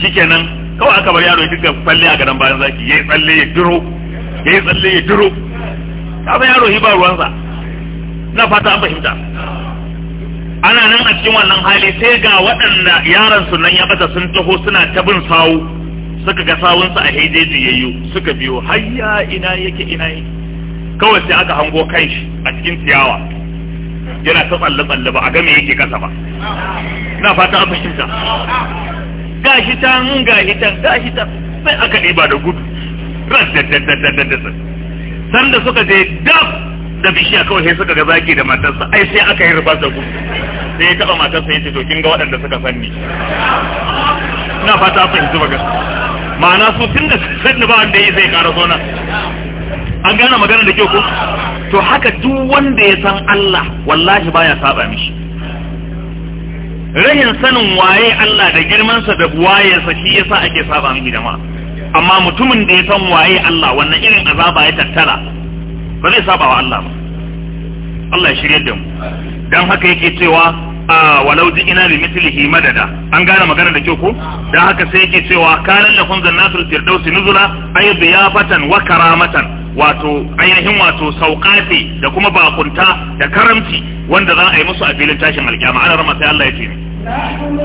shikenan kawai aka bar yaro ya dinga tsalle a gadon bayan zaki yayi tsalle ya duro yayi tsalle ya duro ka san yaro ba ruwansa na fata an fahimta ana nan a cikin wannan hali sai ga waɗanda yaran su nan ya bata sun taho suna ta bin sawu suka ga sawunsa a haijeji yayyu suka biyo hayya ina yake ina yake kawai sai aka hango kanshi a cikin ciyawa yana ta tsalle tsalle ba a ga me yake kasa ba na fata an fahimta gashi tan gashi tan gashi tan sai aka ɗiba da gudu sanda suka je dab da bishiya kawai sai suka ga zaki da matarsa ai sai aka yi rufa da gudu sai ya taɓa matarsa ya ce to kin ga waɗanda suka fanni na fata a fahimci baga ma'ana su tun da sanni ba wanda ya sai ƙara sona an gane magana da kyau ko to haka duk wanda ya san Allah wallahi baya saba mishi rahin sanin waye Allah da girmansa da buwayensa shi yasa ake saba mu jama'a amma mutumin da ya san waye Allah wannan irin azaba ya tattara ba zai saba wa Allah ba Allah ya shirye da mu dan haka yake cewa a walau ji ina bi mithlihi madada an gane magana da kyau ko dan haka sai yake cewa kana lahum jannatul firdausi nuzula ay biyafatan wa karamatan wato ainihin wato sauƙafi da kuma bakunta da karamci wanda za a yi musu a filin tashin alkiyama ana rama sai Allah ya ce ni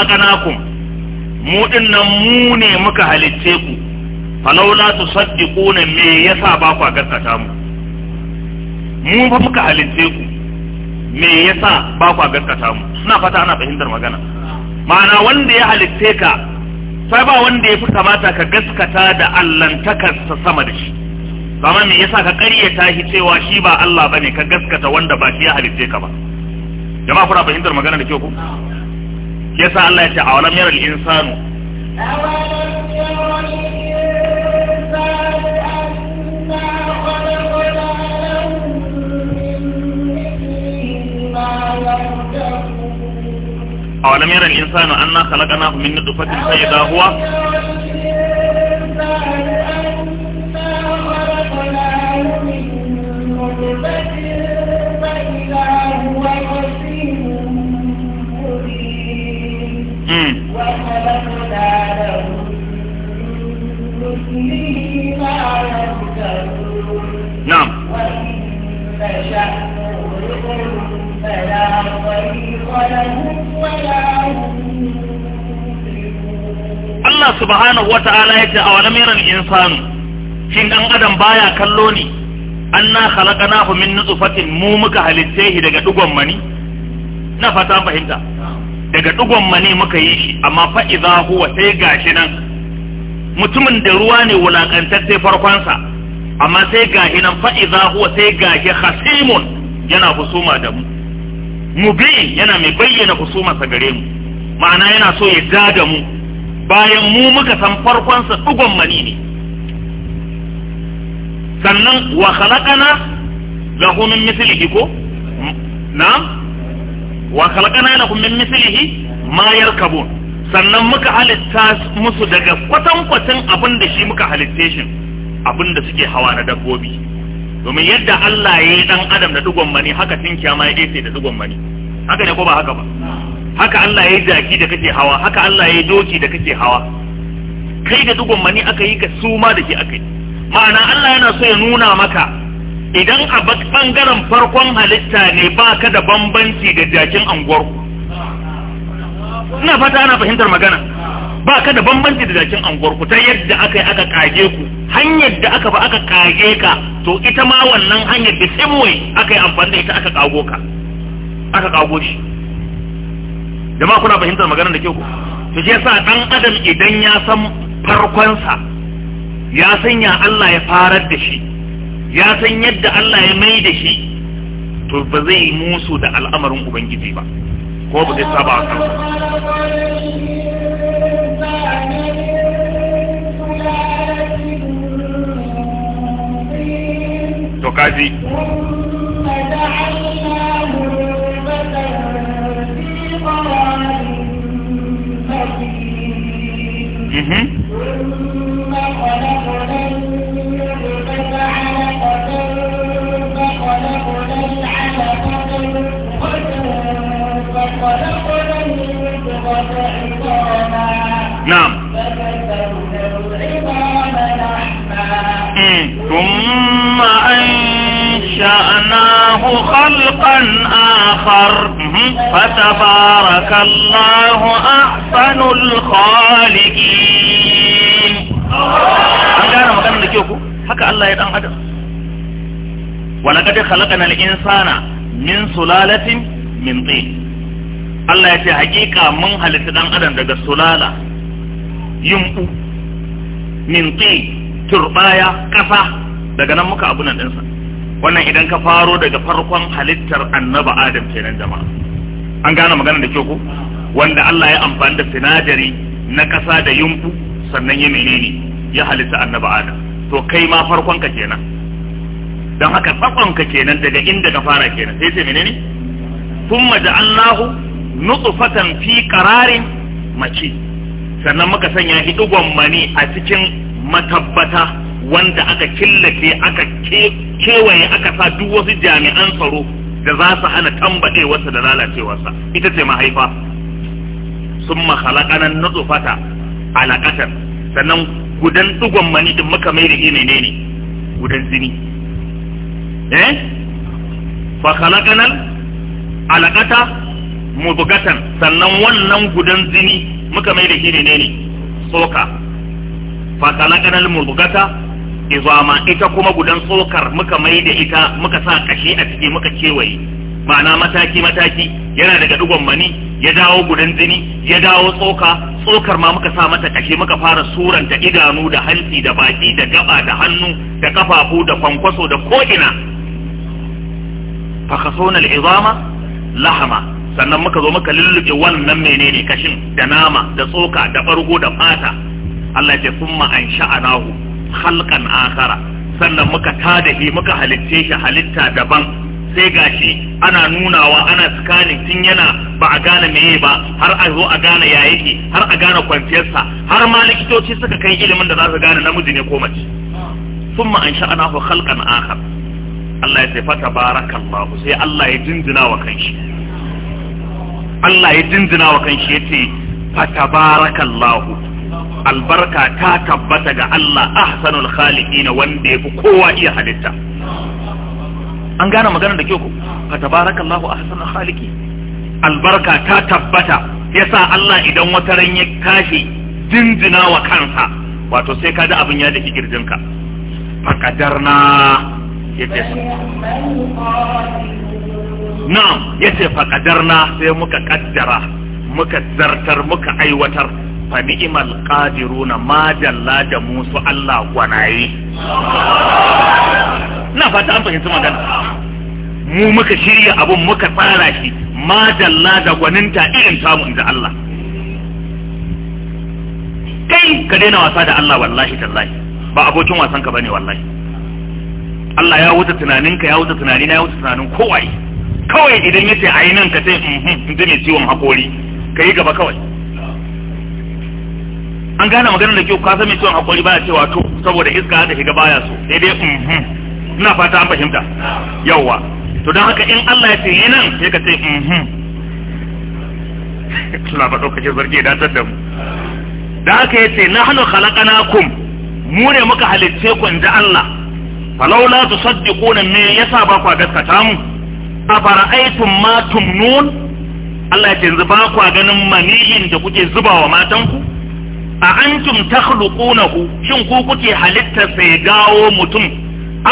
khalaqnakum mu dinnan mu ne muka halicce ku falaula tusaddiquna me yasa ba ku gaskata mu mu fa muka halicce ku me yasa ba ku gaskata mu suna fata ana fahimtar magana ma'ana wanda ya halicce ka sai ba wanda ya fi kamata ka gaskata da allantakarsa sama da shi zama me yasa ka ƙaryata shi cewa shi ba Allah bane ka gaskata wanda ba shi ya halicce ka ba jama'a kuna fahimtar magana da kyau ku yasa Allah ya ce a walam yaral insanu أولم يرى الإنسان أنا خلقناه من نطفة فإذا هو Allah subhanahu wata'ala ya ce a wani miran insanu shin ɗan adam baya kallo ne na fi min nutfatin mu muka halitta shi daga ɗugon mani na fata fahimta daga ɗugon mani muka yi shi amma fa idza huwa sai gashi nan mutumin da ruwa ne wulaƙantar sai farkonsa amma sai gashi nan fa idza huwa sai gashi hasimun yana husuma da mu mubin yana mai bayyana husumarsa gare mu ma'ana yana so ya ja da mu bayan mu muka san farkonsa dugon mani ne sannan wa khalaqana lahu min ko na wa khalaqana min mislihi ma yarkabun sannan muka halitta musu daga kwatankwacin abinda da shi muka halitteshin abinda suke hawa na dabbobi domin yadda Allah ya yi dan adam da dugon mani haka tun ma ya gefe da dugon mani haka ne ko ba haka ba haka Allah ya yi jaki da kake hawa haka Allah ya yi doki da kake hawa kai da dugon mani aka yi ka suma da ke aka yi ma'ana Allah yana so ya nuna maka idan a bangaren farkon halitta ne ba ka da bambanci da jakin anguwar ina fata ana fahimtar magana ba ka da bambanci da jakin anguwar ku ta yadda aka yi aka kage ku hanyar da aka ba aka kage ka to ita ma wannan hanyar da tsimwai aka yi amfani da ita aka kago ka aka kago shi ma kuna fahimtar maganar da ke ku to shi yasa dan adam idan ya san farkonsa ya sanya Allah ya farar da shi ya san yadda Allah ya mai da shi to ba zai musu da al'amarin ubangiji ba ko ba zai saba a kansa to kaji ثم خلقنا النطفة علقة فخلقنا العلقة مضغة فخلقنا المضغة عظاما نعم فكسونا العظام لحما ثم أن أنشأناه خلقا آخر فتبارك الله أحسن الخالقين an gane magana da kyau ku haka Allah ya dan adam walaqad khalaqna al-insana Allah ya ce hakika mun halitta dan adam daga sulala yumbu min tin turbaya kasa daga nan muka abunan dinsa wannan idan ka faro daga farkon halittar annaba adam kenan jama'a an gane magana da kyau ko wanda Allah ya amfani da sinadari na kasa da yumbu sannan ya menene ya halitta annaba adam to kai ma farkon ka kenan don haka tsakon ka kenan daga inda ka fara kenan sai sai menene thumma ja'alnahu nutfatan fi qararin maki sannan muka sanya hidigon mani a cikin matabbata wanda aka killace aka kewaye aka sa duk wasu jami'an tsaro da za su hana tambaɗewarsa da lalacewarsa ita ce mahaifa sun mahalakanan na tsofata lakatar sannan gudan ɗigon mani ɗin muka mai da ne ne gudan zini eh fa halakanan alaƙata mubugatan sannan wannan gudan zini muka mai da ne ne tsoka fa halakanan mubugata izama ita kuma gudan tsokar muka mai da ita muka sa kashi a ciki muka kewaye ma'ana mataki mataki yana daga dugon mani ya dawo gudan jini ya dawo tsoka tsokar ma muka sa mata kashi muka fara suranta idanu da hanci da baki da gaba da hannu da kafafu da kwankwaso da ko'ina fakasona al'izama lahama sannan muka zo muka lullube wannan menene kashin da nama da tsoka da bargo da fata Allah ya ce summa an sha'anahu halkan akara sannan muka tada shi muka halitte shi halitta daban sai gashi ana nunawa ana scanning tun yana ba a gane meye ba har a zo a gane ya yake har a gane kwanciyarsa har ma likitoci suka kai ilimin da za su gane namiji ne ko mace ثم أنشأناه خلقا آخر Allah ya ce fata barakallahu sai Allah ya jinjina wa kanshi Allah ya jinjina wa kanshi ya yace fata barakallahu albarka ta tabbata ga Allah ahsanul khaliqin wanda yafi kowa iya halitta an gane maganar da kyau fa tabarakallahu ahsanul khaliqi albarka ta tabbata yasa Allah idan wata ran ya kashi jinjina wa kansa wato sai ka da abin ya dake kirjinka fa qadarna yace na'am yace fa qadarna sai muka kaddara muka zartar muka aiwatar fa ni'mal na ma dalla da musu Allah gwanaye na fata an fahimci magana mu muka shirya abun muka tsara shi ma da gwaninta irin samu inda Allah kai ka daina wasa da Allah wallahi tallahi ba abokin wasan ka bane wallahi Allah ya wuce tunaninka ya wuce tunanina ya wuce tunanin kowai kawai idan yace yi nan ka sai in inda ciwon hakori kai gaba kawai an gane maganar da kyau ka san mutum ciwon hakuri baya cewa to saboda iska da shiga baya so sai dai mhm ina fata an fahimta yawa to don haka in Allah ya ce yi nan sai ka ce mhm suna [LAUGHS] ba ɗaukacin zarge da tattar da mu da haka ya ce na hannu kum mu ne muka halitce ku inda Allah falaula tu ne ya sa ba kwa gaskata mu aikin ma nun Allah ya ce zuba kwa ganin maniyin da kuke zubawa matanku a antum takhluqunahu shin ku kuke halitta sai dawo mutum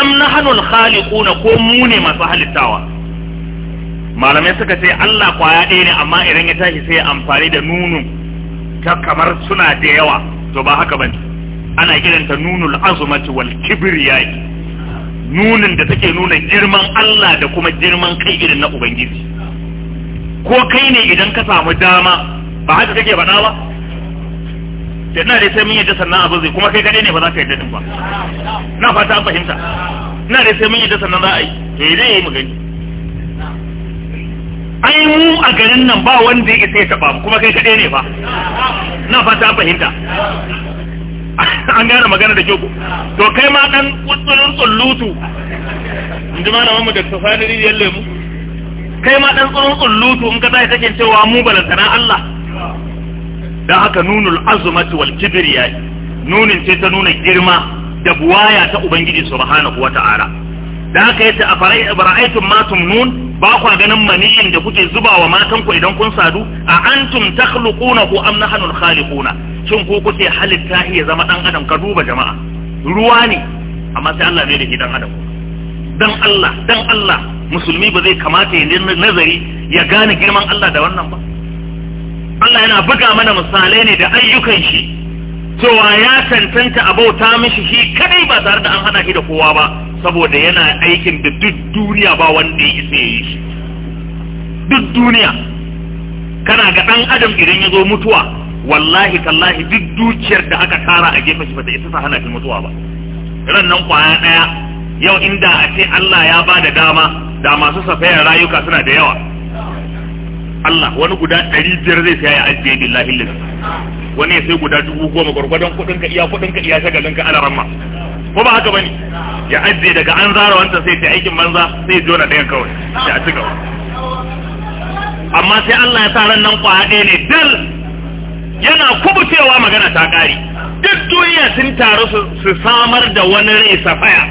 am nahnul khaliquna ko mu ne masu halittawa malamai suka ce Allah kwaya ɗaya ne amma idan ya tashi sai amfani da nunu ta kamar suna da yawa to ba haka bane ana kiranta nunul azumati wal kibriyai nunin da take nuna girman Allah da kuma girman kai irin na ubangiji ko kai ne idan ka samu dama ba haka kake faɗa ba da na dai sai mun yadda sannan abu zai kuma kai kadai ne ba za ka yadda din ba na fata an fahimta na da sai mun yadda sannan za a yi to yi zai yi mu gani ai mu a garin nan ba wanda ya isa ya taba kuma kai kadai ne ba na fata an fahimta an gane magana da kyau to kai ma dan kutsulun tsullutu in ji malamin mu da tafadiri rijiyar lemu kai ma dan tsulun tsullutu in ka zai kake cewa mu balantana Allah da haka nunul azmati wal kibriya nunin ce ta nuna girma da buwaya ta ubangiji subhanahu wata'ala da haka yace a farai ibra'aytum ma tumnun ba kwa ganin maniyin da kuke zubawa matan ku idan kun sadu a antum takhluqunahu am nahnu khaliquna shin ko kuke halitta iya zama dan adam ka duba jama'a ruwa ne amma sai Allah ne da dan adam dan Allah dan Allah musulmi ba zai kamata ya nazari ya gane girman Allah da wannan ba Allah yana buga mana misalai ne da ayyukan shi cewa ya tantanta a bauta mishi shi kadai ba tare da an hada shi da kowa ba saboda yana aikin da duk duniya ba wanda ya isa yi shi duk duniya kana ga dan adam idan ya zo mutuwa wallahi tallahi duk dukiyar da aka tara a gefen shi ba ta isa sa hana shi mutuwa ba ran nan kwaya daya yau inda a ce Allah ya ba da dama da masu safayar rayuka suna da yawa Allah wani guda ɗari biyar zai saya ya ajiye billahi lillahi wani ya sai guda dubu goma gwargwadon kuɗin ka iya kuɗin ka iya shagalin ka ala ramma ko ba haka bane ya ajiye daga an zara wancan sai ta aikin banza sai jona ɗaya kawai sai a ci gaba amma sai Allah ya sa ran nan haɗe ne dal yana kubutewa magana ta ƙari duk duniya sun taru su samar da wani rai safaya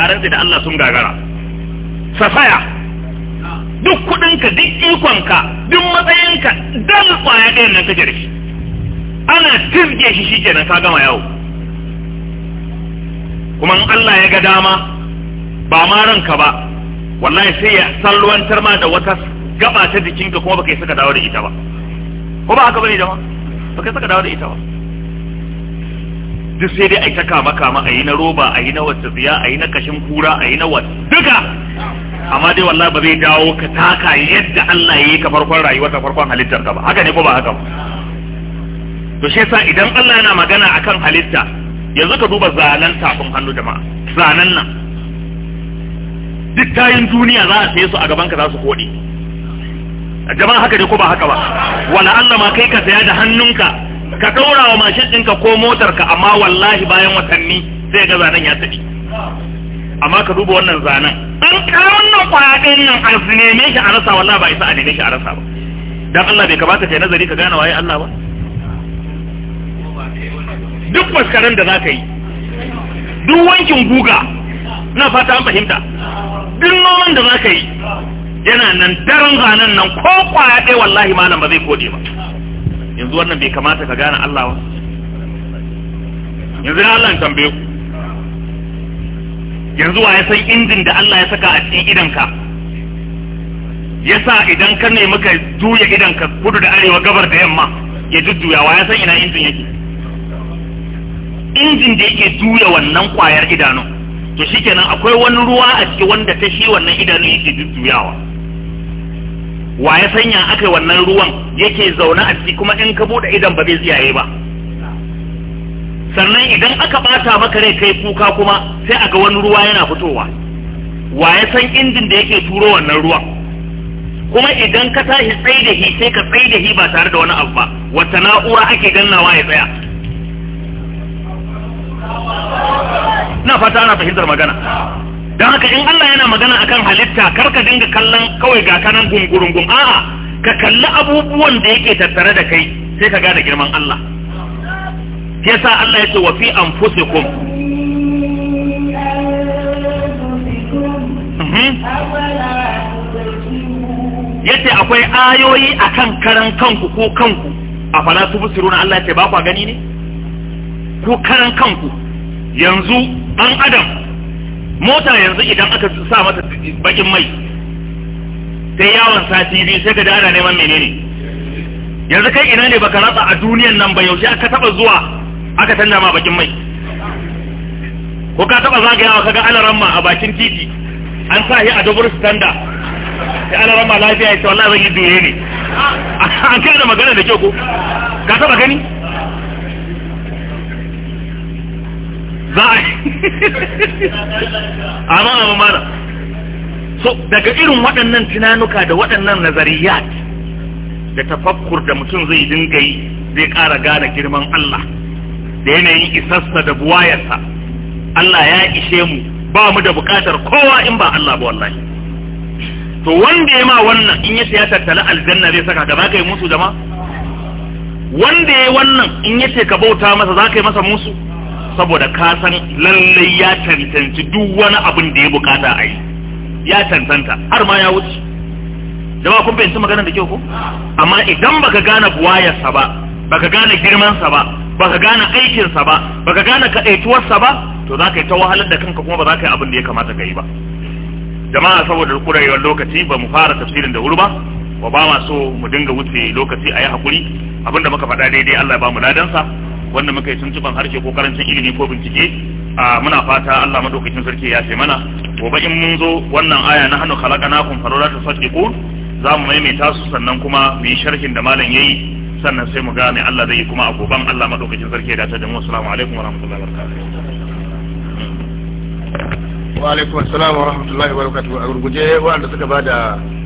tare da Allah sun gagara safaya duk kudinka duk ikonka duk matsayinka don kwaya ɗayan nan ka jarfi. ana tirge shi shi kenan ka gama yawo kuma in Allah ya ga dama ba ma ranka ba wallahi sai ya salwantar ma da wata gaba ta jikinka kuma baka yi saka dawo da ita ba ko ba haka bane jama baka yi saka dawo da ita ba duk sai dai a yi ta kama kama a yi na roba a yi na wata biya a yi na kashin kura a yi na wata duka amma dai wallahi ba zai dawo ka taka yadda Allah ya yi ka farkon rayuwar ta farkon halittar ka ba haka ne ko ba haka ba to shi yasa idan Allah yana magana akan halitta yanzu ka duba zanen tafin hannu jama'a zanen nan duk tayin duniya za a saye su a gaban ka za su kodi jama'a haka ne ko ba haka ba wala Allah ma kai ka saya da hannunka ka ɗaura wa mashin ɗinka ko motarka amma wallahi bayan watanni sai ga zanen ya tafi amma ka duba wannan zanen an karon nan kwaɗin nan a neme shi a rasa wallah ba isa a neme shi a rasa ba dan Allah bai kamata kai nazari ka gane waye Allah ba duk maskaran da zaka yi duk wankin guga na fata an fahimta duk noman da zaka yi yana nan daren zanen nan ko kwaɗe wallahi malam ba zai kode ba yanzu wannan bai kamata ka gane Allah ba yanzu na Allah tambaye ku yanzu wa ya san injin da Allah ya saka a cikin idanka ya sa idan ka nemi ka juya idanka kudu da arewa gabar da yamma ya jujjuya wa ya san ina injin yake injin da yake juya wannan kwayar idanu to shikenan akwai wani ruwa a ciki wanda ta shi wannan idanu yake jujjuyawa wa ya sanya aka wannan ruwan yake zaune a ciki kuma in ka bude idan ba zai tsiyaye ba sannan idan aka bata maka rai kai kuka kuma sai a ga wani ruwa yana fitowa wa ya san injin da yake turo wannan ruwa kuma idan ka tashi tsayi da shi sai ka tsayi da shi ba tare da wani abu ba wata na'ura ake gannawa ya tsaya na fata ana fahimtar magana don haka in Allah yana magana akan halitta kar ka dinga kallon kawai ga kanan gungurungun a'a ka kalli abubuwan da yake tattare da kai sai ka gane girman Allah yasa Allah ya ce wa fi anfusikum mhm. yace akwai ayoyi akan karan kanku ko kanku a fala na Allah ya ce ba ku gani ne Ko karan kanku yanzu dan adam mota yanzu idan aka sa mata bakin mai sai yawon sati biyu sai ka da neman menene yanzu kai ina ne baka ratsa a duniyan nan ba yaushe aka taba zuwa aka canza ma bakin mai ko ka taba zagayawa kaga alaramma a bakin titi an sa shi a dubur standa sai alaramma lafiya ya ce wallahi zan yi duye ne an kai da magana da kyau ko ka taba gani za a amma amma mana so daga irin waɗannan tunanuka da waɗannan nazariyat da tafakkur da mutum zai dinga yi zai ƙara gane girman Allah da yanayin isassa da buwayarsa Allah ya ishe mu ba mu da bukatar kowa in ba Allah ba wallahi to wanda ya ma wannan in ya ya tattala aljanna zai saka gaba kai musu jama wanda ya wannan in yace ka bauta masa za ka yi masa musu saboda ka san lallai ya tantanci duk wani abin da ya bukata a yi ya tantanta har ma ya wuce jama kun fahimci maganar da kyau ko amma idan baka gane buwayarsa ba baka gane girmansa ba baka gane aikinsa ba baka gane kaɗaituwarsa ba to za ka yi ta wahalar da kanka kuma ba za ka yi abin da ya kamata ka yi ba jama'a saboda kurewar lokaci ba mu fara tafsirin da wuri ba wa ba ma so mu dinga wuce lokaci a yi haƙuri abinda muka faɗa daidai Allah ya ba mu ladansa wanda muka yi tuntuban harshe ko karancin ilimi ko bincike a muna fata Allah madaukakin sarki ya ce mana gobe in mun zo wannan aya na hannu khalaqanakum farala tasaddiqun za mu maimaita su sannan kuma mu yi sharhin da malam yayi sannan sai mu gane Allah zai yi kuma a goban Allah madaukakin sarki da ta da mu assalamu alaikum wa rahmatullahi wa barakatuh wa alaikum assalam wa rahmatullahi wa barakatuh a gurguje wanda suka bada